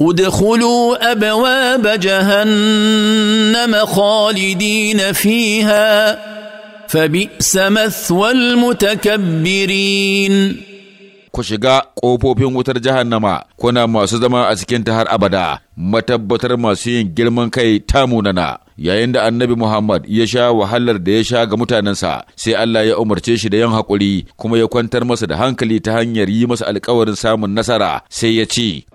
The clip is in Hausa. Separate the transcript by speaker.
Speaker 1: ادخلوا ابواب جهنم خالدين
Speaker 2: فيها فبئس مثوى المتكبرين
Speaker 3: ku shiga ƙofofin wutar jahannama kuna masu zama a cikinta har abada matabbatar masu yin girman kai ta munana yayin da annabi Muhammad ya sha wahalar da ya sha ga mutanensa sai Allah ya umarce shi da yan haƙuri kuma ya kwantar masa da hankali ta hanyar yi masa alkawarin samun nasara sai ya ce